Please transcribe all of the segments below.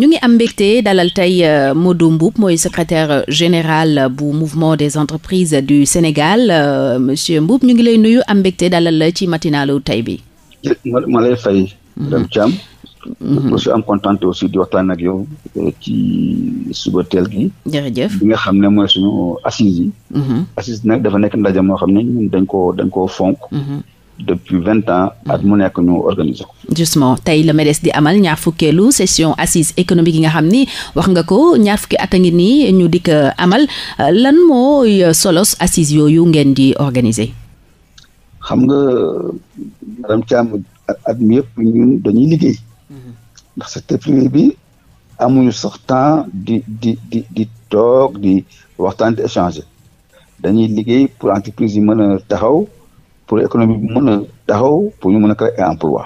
ñu ngi am mbégte dalal tey euh, Modou Mboup mooy secretaire général bu mouvement des entreprises du Sénégal euh, monsieur Mboup ñu ngi lay nuyu am mbégte dalal la ci matinalu tey bi ma lay fay mhm. madame Thiam aussi mhm. am kontaan aussi di waxtaan ak yow euh, ci suba teel gi jërëjëf bi nga xam ne mooy suñu assise yi mhm. assise nag dafa nekk ndaje moo xam ne ñun dañ koo dañ koo fonk depuis vingt ans at mu nekk ñu organiser ko. justement tey la MEDES di amal ñaar fukkeelu session assise économique yi nga xam ni wax nga ko ñaar fukki at a ngi nii ñu dikk euh, amal euh, lan mooy euh, solos assise yooyu ngeen di organiser. xam nga madame Thiam at mi yëpp ñun dañuy liggéey. Mm-hmm. ndax secteur privé bi amuñu sax temps di di di di toog di waxtaan di échanger dañuy liggéey pour entreprise yi mën a taxaw. pour économie bi mën a taxaw pour ñu mun a en emploi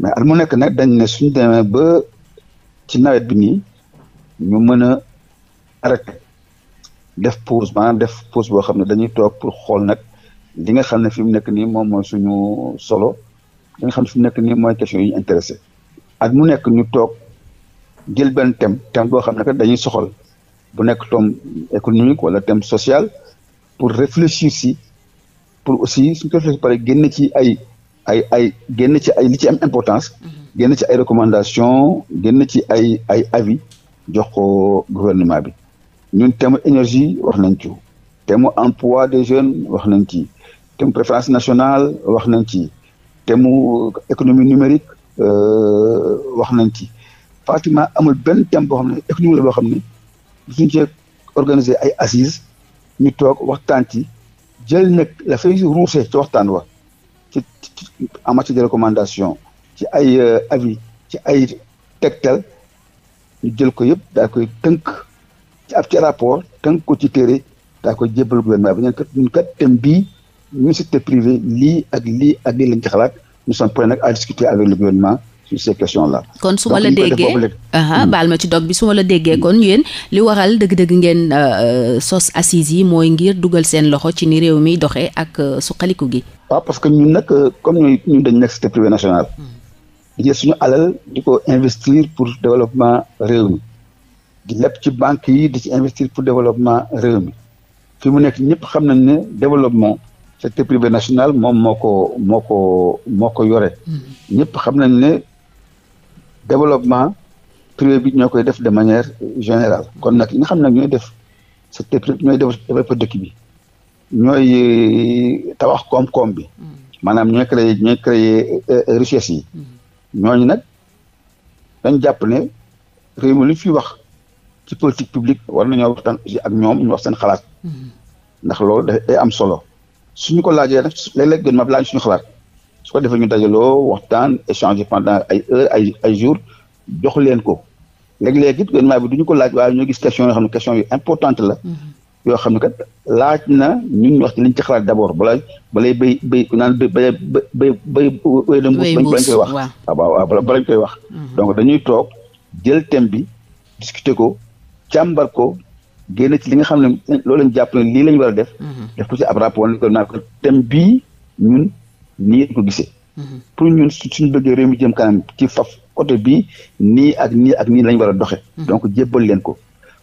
mais al mu nekk nag dañ ne suñu demee ba ci nawet bi nii ñu mën a arrêté def pause maanaam def pause boo xam ne dañuy toog pour xool nag li nga xam ne fi mu nekk nii moom mooy suñu solo li nga xam ne nekk nii mooy question intéressé at mu nekk ñu toog jël benn thème thème boo xam ne kat dañuy soxal bu nekk thème économique wala thème social pour réfléchir pour aussi suñu ko defee pare génn ci ay ay ay génn ci ay li ci am importance mhm. génn ci ay recommandations génn ci ay ay avis jox ko gouvernement bi ñun thème énergie wax nañ ci thème emploi de jeunes wax nañ ci thème préférence nationale wax nañ ci thème économie numérique euh, wax nañ ci pratiquement amul benn thème boo xam ne économie la boo xam ne suñu cee organiser ay assises ñu toog waxtaan ci jël nag la fay ruusee ci waxtaan wa ci en matière recommandation ci ay euh, avis ci ay tegtal ñu jël ko yëpp daa koy tënk ci ap ci rapport tënk ko ci téere daa koy jébbal gouvernement bi ñun kat ñun bii ñu secteur privé lii ak lii ak lii lañ ci xalaat nous sommes prêts nag à discuter avec le gouvernement sur ces questions là. kon su ma la déggee hmm. baal ma ci dog bi su ma la déggee kon yéen li waral dëgg-dëgg ngeen euh, euh, sos assises yi mooy ngir dugal seen loxo ci ni réew mi doxee ak euh, suqaliku gi. waaw parce que ñun nag comme ñooy ñun dañ nekk secteur privé national. Hmm. di suñu alal di ko investir pour développement réew mi di leb ci banque yi di ci investir pour développement réew mi fi mu nekk ñëpp xam nañ ne développement. secteur privé national moom moo ko moo ko moo ko yore. Hmm. développement privé bi ñoo koy def de manière générale kon nag ñi nga xam nag ñooy def secteur privé ñooy développé dëkk bi ñooy tabax koom-koom bi mm. maanaam ñooy créé ñooy créé euh, euh, richesse yi mm. ñooñu nag dañ jàpp ne réew lu fi wax ci politique publique war nañoo waxtaan aussi ak ñoom ñu wax seen xalaat mm. ndax loolu day am solo suñu ko laajee nag léeg-léeg gën ma laaj xalaat su ko defee ñu dajaloo waxtaan échanger pendant ay heures ay ay jours jox leen ko léeg-léeg it gouvernement bi du ñu ko laaj waaye ñoo gis question yoo xam ne question yu importante la. Mm-hmm. yoo xam ne kat laaj na ñu ñu wax ci liñ ci xalaat d' abord balay balay bay bay naan bay bay bay bay wéy na mbuus balañ koy wax waaw ah, waaw waaw balañ koy wax mm-hmm. donc dañuy toog jël thème bi discuter ko càmbar ko génn ci li nga xam ne loolu lañ jàpp ne lii lañ war a def mm-hmm. def ko ci ab rapport ne ko naa ko nii ko gisee. Mhm. pour ñun suñ bëggee réew mi jëm kanam ci faf côté bi nii ak nii ak nii lañ war a doxe mhm. donc jébbal leen ko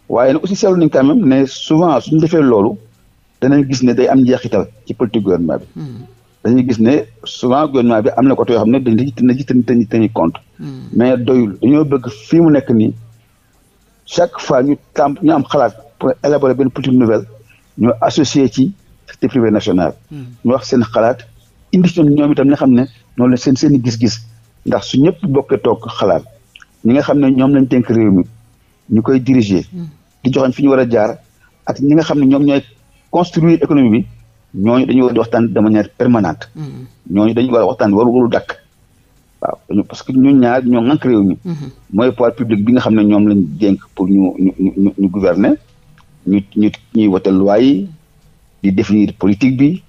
waaye nag aussi seetlu nañ quand même ne souvent suñ defee loolu danañ gis ne day am njeexital ci politique gouvernement bi. Mhm. dañuy gis ne souvent gouvernement bi am na côté yoo xam ne dañuy dañuy ci dañuy dañuy compte. mais doyul dañoo bëgg fii mu nekk nii chaque fois ñu tam am xalaat pour élaborer benn politique nouvelle ñu associé ci secteur privé national. ñu wax seen xalaat. indi ci ñoom itam ne xam ne noonu la seen seen i gis-gis ndax su ñëpp bokkee toog xalaat ñi nga xam ne ñoom lañ tënk réew mi ñu koy diriger. Hmm. di joxoon fi a jaar ak ñi nga xam ne ñoom ñooy construire économie bi ñooñu dañu war a waxtaan de manière permanente. Hmm. ñooñu dañu war a waxtaan waru dakk parce que ñun ñaar ñoo ŋànk réew mi. Hmm. mooy pouvoir public bi nga xam ne ñoom lañ dénk pour ñu ñu ñu ñu gouverner ñu ñu ñuy wotal loi yi di définir politique bi.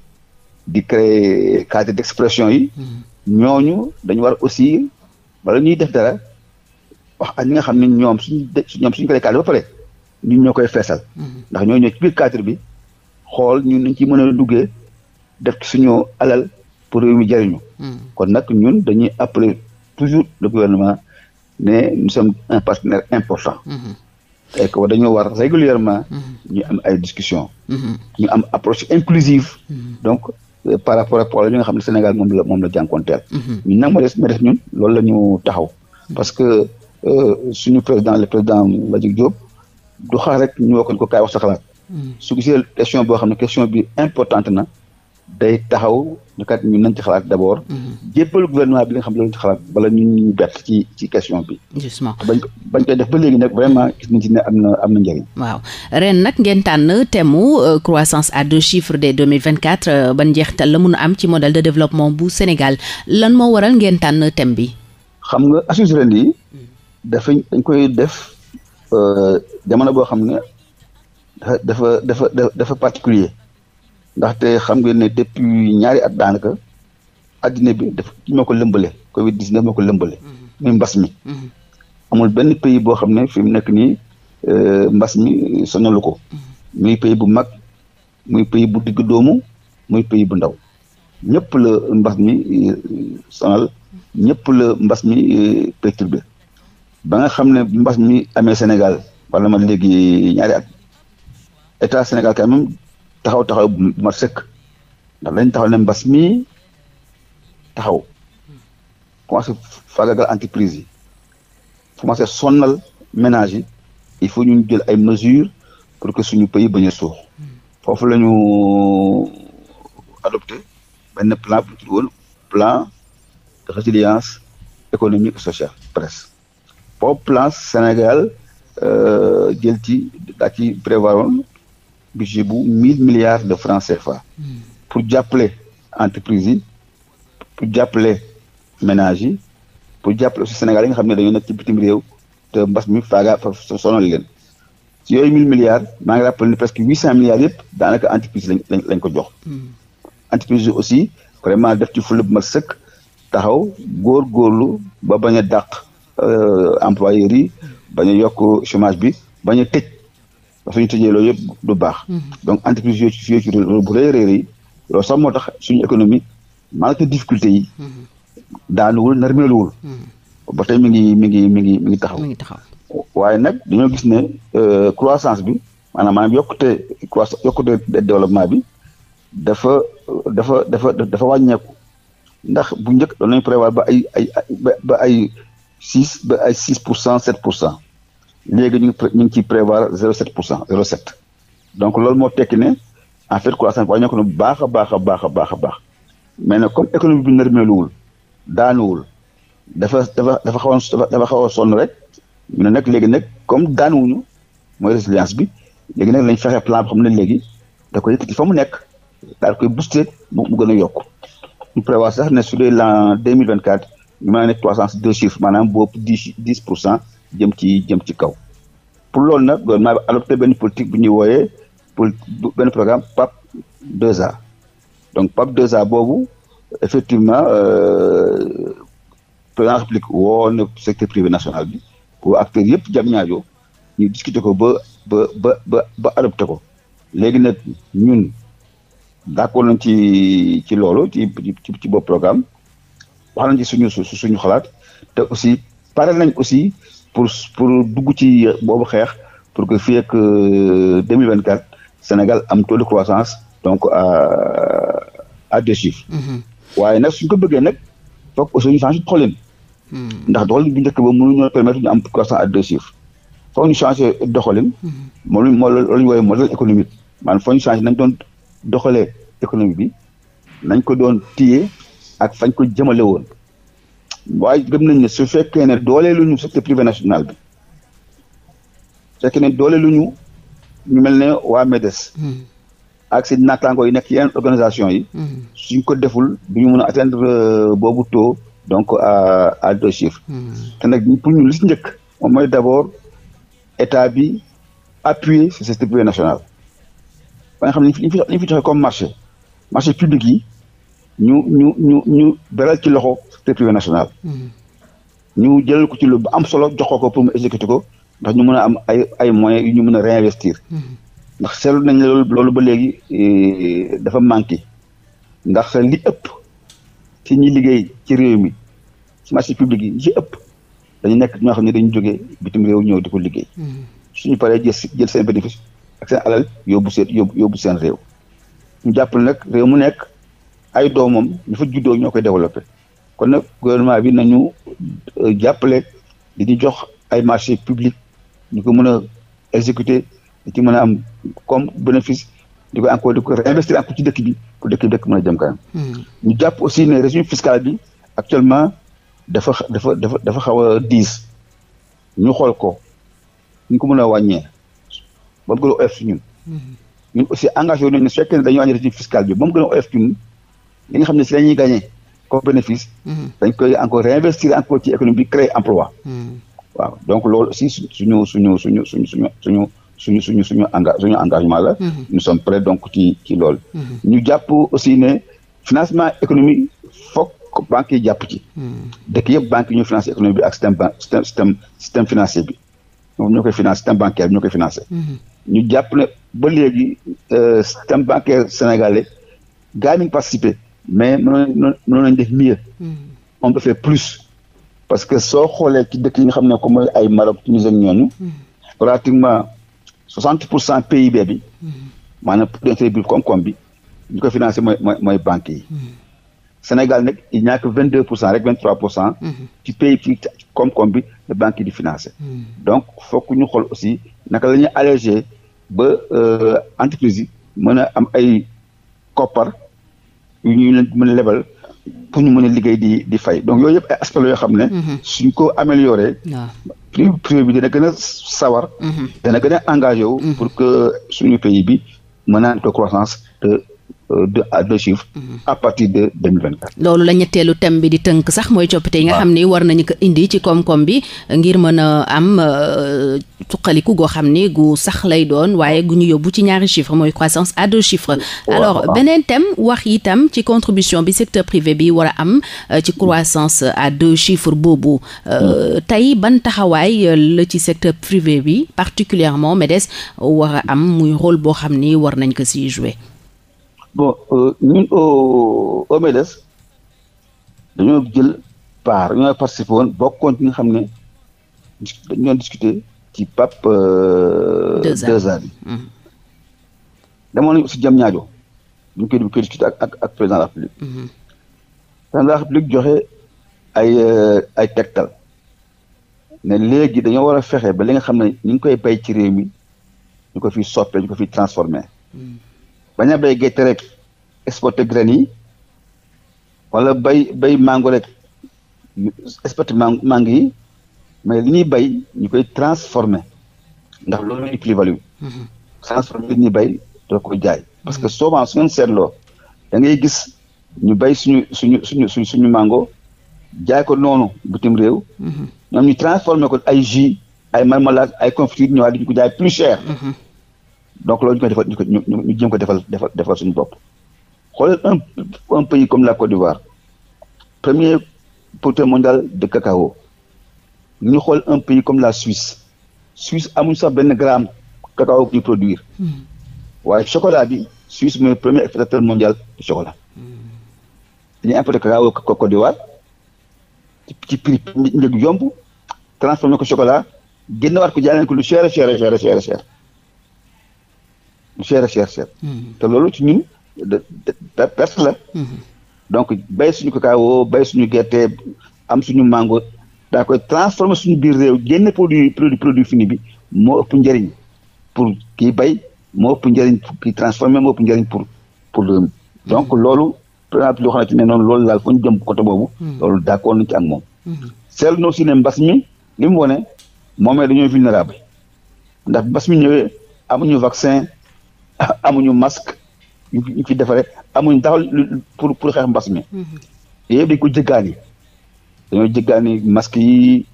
di créer cadre d'expression yi. ñooñu dañu war aussi wala ñuy def dara wax ak ñi nga xam ne ñoom suñu ñoom suñu créer cadre ba pare ñu ñoo koy feesal. ndax ñoo ñëw ci biir cadre bi xool ñu nañ ci mën a duggee def ci suñu alal pour réew mi jariñu. kon nag ñun dañuy appeler toujours le gouvernement ne nous sommes un partenaire important. et que war régulièrement. ñu am ay discussions. ñu am approche inclusive. donc par rapport ak problème yi nga xam ne Sénégal moom la moom la jànkonteel. Mhm. nag ma des ma des ñun loolu la ñu taxaw. parce que euh, suñu président le président Mbadjik Diop du xaar rek ñu woo ko kaay wax sa mhm. su gisee question boo xam ne question bi importante na. day taxaw ñu kat ñun nañ ci xalaat d'abord. Mhm. jébbalu gouvernement bi li xam ne loolu ci xalaat wala ñun ñu bett ci ci question bi. justement bañ ko bañ koy def ba léegi nag vraiment gis nañ na am na njëriñ. waaw ren nag ngeen tànn thème mu euh, croissance à deux chiffres de 2024 euh, ban njeextal la mun a am ci modèle de développement bu Sénégal lan moo waral ngeen tànn thème bi. xam nga assurance ren yi. Mhm. dafa dañ koy def euh, jamono boo xam ne dafa dafa dafa dafa particulier ndaxte xam ngeen ne depuis ñaari at daanaka addina bi moo ko lëmbale Covid 19 moo ko lëmbale. muy mbas mi. Mhm. amul benn pays boo xam ne fi mu nekk nii euh, mbas mi sonalu ko. Mhm. muy bu mag muy pays bu doomu muy pays bu ndaw ñëpp la mbas mi euh, sonal ñëpp la mbas mi euh, perturbé ba nga xam ne mbas mi amee Sénégal wala ma léegi ñaari at état Sénégal quand taxaw taxaw bu ma sëkk ndax dañ taxaw ne mbas mi taxaw commencé fagagal entreprise yi commencé sonnal ménage il faut ñu jël ay mesures pour que suñu pays bañ a suux foofu la ñu adopté benn plan bu tudd woon plan de résilience économique sociale presque boobu plan Sénégal euh, jël ci daa ci budget bu mille milliards de francs CFA. Hmm. pour jàppale entreprise yi pour jàppale ménage yi pour jàppale su Sénégal yi nga xam ne dañoo na ci bitim réew te mbas mi faaga fa sonal leen ci yooyu mille milliards maa ngi rappelé ne presque huit cent milliards yëpp daanaka entreprise lañ ko jox. Hmm. entreprise yi aussi vraiment def ci fulla ma sëkk taxaw góorgóorlu ba bañ a dàq euh, employeurs yi bañ a yokk chômage bi bañ tëj. dafa ñu tëjee loolu du baax. Mhm. donc entreprise yooyu ci ci bu rëy rëy yi loolu sax tax suñu économie malgré difficulté yi. Mhm. daanuwul narmeeluwul. Mhm. ba mi ngi mi ngi mi ngi mi ngi taxaw. mi ngi taxaw waaye nag dañoo gis ne euh, croissance bi maanaam maanaam yokkute croissance yokkute développement bi dafa dafa dafa dafa wàññeeku ndax bu njëkk doon nañu ba ay ay ba ay six ba pour cent sept pour cent. léegi ñu ngi ñu ngi ciy prévoir 0,7 pour cent 0,7 donc loolu moo tekki ne en fait croissance wàññi ko na baax a baax a baax a baax a baax mais nag comme économie bi nërmeeluwul daanuwul dafa dafa dafa xaw a dafa xaw a sonn rek ñu ne nag léegi nag comme daanuwuñu mooy résilience bi léegi nag lañ fexe plan boo xam ne léegi da koy yëkkati fa mu nekk daal koy booster mu gën a yokk ñu prévoir sax ne su dee l'an deux mille vingt quatre ñu a nekk maanaam boobu dix dix pour cent. jëm ci jëm ci kaw pour loolu nag gouvernement bi adopté benn politique bu ñuy wooyee politique benn programme PAP 2A donc PAP 2A boobu effectivement euh, président république woo secteur privé national bi woo acteurs yëpp jam ñaajoo ñu discuter ko ba ba ba ba ba adopté ko léegi nag ñun d'accord nañ ci ci loolu ci ci ci boobu programme wax nañ ci suñu suñu xalaat te aussi pare nañ aussi pour pour dugg ci boobu xeex pour que fii ak 2024 euh, Sénégal am taux de croissance donc à euh, à deux chiffres. Mhm. waaye nag suñ ko bëggee nag foog aussi ñu changé doxalin. Mhm. ndax doxalin bu njëkk ba mënuñoo permettre ñu am croissance à deux chiffres. foog ñu changé doxalin. Mhm. moom mooy loolu ñu woowee modèle économique maanaam foog ñu changé nañ doon doxalee économie bi nañ ko doon téye ak fañ ko jëmale woon. waaye gëm nañ ne su fekkee ne dooleeluñu secteur privé national bi fekkee ne lu ñu mel ne waa MEDES. Hmm. ak seen naataango yi nekk yeneen organisation yi. Hmm. suñ ko deful du ñu mun a atteindre euh, boobu to donc à à deux chiffres. Hmm. te nag pour ñu li si mooy d' abord état bi appuyer sur secteur privé national. ba xam ne ñu fi joxe comme marché marché public yi ñu ñu ñu ñu beral ci loxo culture nationale. ñu jël ko ci lu am solo jox ko pour mu exécuter ko ndax ñu mën a am ay ay ñu mën a réinvestir. ndax seetlu nañ loolu loolu ba léegi eh, dafa manqué ndax li ëpp ci ñi liggéey ci réew mi ci marché public yi li ëpp dañu nekk ñoo xam ne dañu jógee bitim réew ñëw di ko liggéey. suñu paree jël jël seen bénéfice ak seen alal yóbbu seen réew. ñu jàppale nag réew mu nekk ay doomam ñu fa juddoo ñoo koy développé. kon nag gouvernement bi nañu euh, jàppale di ñu jox ay marché public ñu ko mën a exécuter di ci mën am comme bénéfice di ko ci dëkk bi pour dëkk bi dëkk mën a jëm hmm. jàpp aussi ne régime fiscal bi actuellement dafa dafa dafa dafa xaw a diis ñu xool ko ñu ko mun a wàññee ba mu gën a oyof ci ñun. Hmm. ñun aussi engagé wu nañu ne su fekkee fiscal bi ba gën a oyof ci li nga xam ne si la ñuy gagné. comme bénéfice. Mhm. dañ koy encore réinvestir encore ci économie bi créer emploi. Mhm. waaw donc loolu aussi suñu suñu suñu suñu suñu suñu suñu suñu suñu enga suñu engagement la. Mhm. nous sommes prêts donc ci ci loolu. ñu jàpp aussi ne financement économique foog banques yi jàpp ci. dëkk yëpp banques yi ñu financé économie bi ak système ban système système financier bi moom koy financé système bancaire bi ñoo koy financé. ñu jàpp ne ba léegi euh, système bancaire sénégalais gaa yi ñu mais mënoon nañ def mieux. Hmm. on peut faire plus. parce que soo xoolee ci dëkk yi nga xam ne comme ay Maroc Tunisie ak ñooñu. Hmm. pratiquement soixante pour cent PIB bi. Hmm. maanaam producteur bi koom-koom bi ñu ko financé mooy mooy mooy banques yi. Sénégal nag il n'y a que vingt deux pour cent rek vingt trois pour cent. ci pays ci koom-koom bi la banque yi di financé. donc fokk ñu xool aussi naka la ñuy allégé ba euh, entreprise yi mën a am ay koppar. yu ñu leen mën a lebal pour ñu mën a liggéey di di fay donc yooyu yëpp a aspect la yoo xam ne. Mm-hmm. suñ ko amélioré. privé bi dana gën a sawar. Mm-hmm. dana gën a mm-hmm. pour que suñu pays bi mën a croissance Euh, de mhm. loolu la ñetteelu thème bi di tënk sax mooy coppite yi nga xam ni war nañu ko indi ci koom-koom bi ngir mën a am euh, suqaliku goo xam ni gu sax lay doon waaye gu ñu yóbbu ci ñaari chiffres mooy croissance à deux chiffres. beneen thème wax itam ci contribution bi secteur privé bi war am euh, ci croissance à deux chiffres boobu. Mm. tey ban taxawaay la ci secteur privé bi particulièrement MEDES war a am muy rôle boo xam ni war nañ ko si jouer. bon euh, ñun au euh, au dañoo jël part ñoo participé woon bokkoon nga xam ne dañu doon discuter ci PAP. 2A euh, bi mm-hmm. demoon nañu aussi jam ñaajo ñu koy koy discuter ak ak la République. Mm-hmm. président la République joxe ay ay tegtal ne léegi dañoo war a fexe ba li nga xam ne ñu ngi koy bay ci réew mi ñu ko fi soppee ñu ko fi transformé. Mm-hmm. bañ a bay gerte rek exporté graines yi wala bay bay mango rek exporté mango yi mais li ñuy bay ñu koy transformé ndax loolu ñuy plus value mhm. transformé li bay doo ko jaay parce que mhm. souvent su ngeen seetloo da gis ñu bay suñu suñu suñu suñ suñu mango jaay ko noonu bitim réew mhm. ñoom ñu transformé ko ay jus ay marmelade ay confiture ñëwaat di ñu ko jaay plus cher donc loolu ñu koy defal ñu ko ñu jéem ko defal defal defal suñu bopp xoolal un un pays comme la Côte d'Ivoire premier producteur mondial de cacao ñu xool un pays comme la Suisse Suisse amuñu sax benn gramme cacao bu ñuy produire hmm. waaye chocolat bi Suisse mooy premier exportateur mondial de chocolat hmm. dañuy importer cacao Côte d'Ivoire ci prix njëg yomb transformé ko chocolat génn waat ko jaay ko lu cher cher cher cher cher cher cher. te loolu ci ñun de perte la. Mm-hmm. donc bay suñu cacao bay suñu gerte am suñu mango daa koy transformer suñu biir réew génne produit fini bi moo ëpp njëriñ pour kii bay moo ëpp njëriñ pour kii transformer moo ëpp njëriñ pour pour réew mi mm-hmm. donc loolu président loo xamante ne noonu loolu laal fa ñu jëm côté boobu. Mm-hmm. loolu d'accord moom. seetlu na aussi ne mbas mi li mu wane moom dañoo ndax mbas mi ñëwee amuñu vaccin. amuñu masque ñu fi defaree amuñu taxal pour pour xeex mbas mi. Mm-hmm. yooyu dañ ko jéggaani dañoo jéggaani masque yi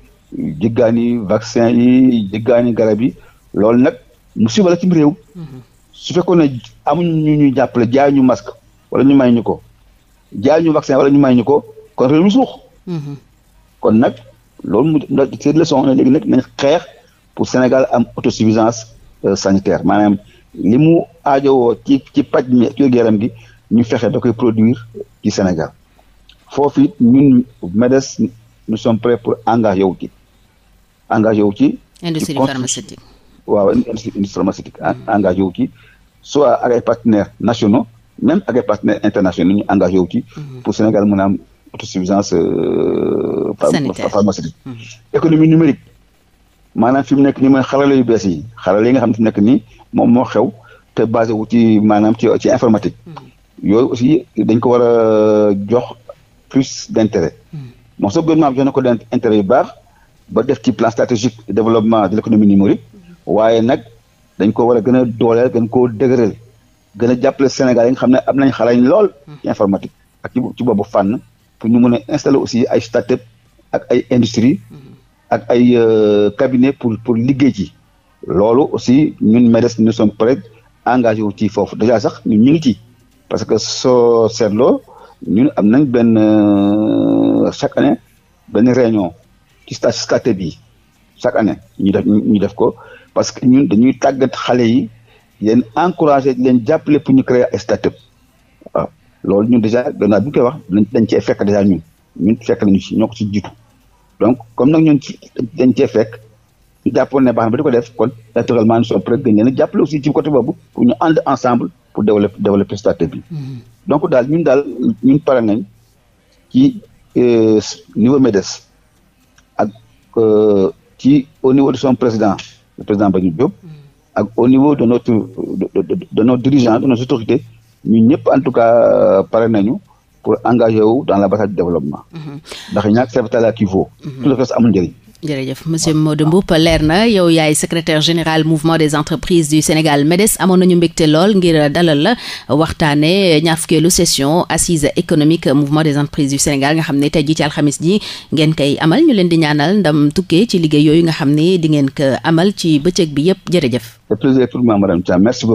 jéggaani vaccin yi jéggaani garab yi loolu nag musiba la ci réew. Mm-hmm. su fekkoon ne amuñu ñu ñuy jàppale jaay ñu masque wala ñu may ñu ko jaay ñu vaccin wala ñu may ñu ko kon réew mi suux. Mm-hmm. kon nag loolu mu c'est leçon léegi nag nañ xeex pour Sénégal am autosuffisance euh, sanitaire li mu aajowoo ci ci paj mi ci yaram gi ñu fexe da koy produire ci Sénégal foofu it ñun MEDES nous sommes prêts pour engagé wu ci engagé wu ci. industrie pharmaceutique. waaw industrie pharmaceutique engagé wu ci soit ak ay partenaires nationaux même ak ay partenaires internationaux ñu engagé wu ci. Mhm. pour Sénégal mën a am autosuffisance. Euh, sanitaire mhm. économie numérique maanaam fi mu nekk nii mooy xarala yu bees yi xarala nga xam ne fi nekk nii. moom moo xew te basé wu ci maanaam ci ci informatique hmm. yooyu aussi dañ ko war a jox plus d'intérêt hmm. moom sax gouvernement bi jox na ko intérêt yu baax ba def ci plan stratégique de développement de l'économie numérique hmm. waaye nag dañ ko war a gën a dooleel gën ko dëgëral gën a jàppale Sénégal yi nga xam ne am nañ xarañ lool ci informatique ak ci boobu fànn pour ñu mën a installer aussi ay start-up ak ay industrie ak ay euh, cabinet pour pour liggéey ci loolu aussi ñun MEDES nous sommes prêts engagé wu ci foofu déjà sax ñun ñu ngi ci parce que soo seetloo ñun am nañ benn euh, chaque année benn réunion ci stage bi chaque année ñu def ñu def ko parce que ñun dañuy tàggat xale yi leen encouragé leen jàppale pour ñu créer ay start loolu ñun déjà gannaaw bi ñu koy wax dañ cee fekk déjà ñu ñun fekk nañu si ñoo ko si jiitu dañ cee fekk jàppoon ne baax na ba di ko def kon naturellement nous sommes prêts gën leen a jàppale aussi ci pour ñu ànd ensemble pour développer développer mm-hmm. donc daal ñun daal ñun pare nañ ci euh, niveau MEDES ak euh, ci au niveau de son président le président Badio Diop mm-hmm. ak au niveau de notre de, de, de nos dirigeants de nos autorités ñun ñëpp en tout cas euh, pare nañu pour engager wu dans la bataille du développement mm-hmm. ndax ñaak c'est la qui vaut tout le reste amul jërëjëf monsieur Modou Mboup leer na yow yaay secrétaire général mouvement des entreprises du Sénégal MEDES amoon nañu mbégte lool ngir dalal la waxtaane ñaar fukkeelu session assise économique mouvement des entreprises du Sénégal nga xam ne tey jii ci alxamis ji ngeen koy amal ñu leen di ñaanal ndam tukkee ci liggéey yooyu nga xam ni di ngeen ko amal ci bëccëg bi yëpp jërëjëf. C'est plaisir pour moi, madame Thiam. Merci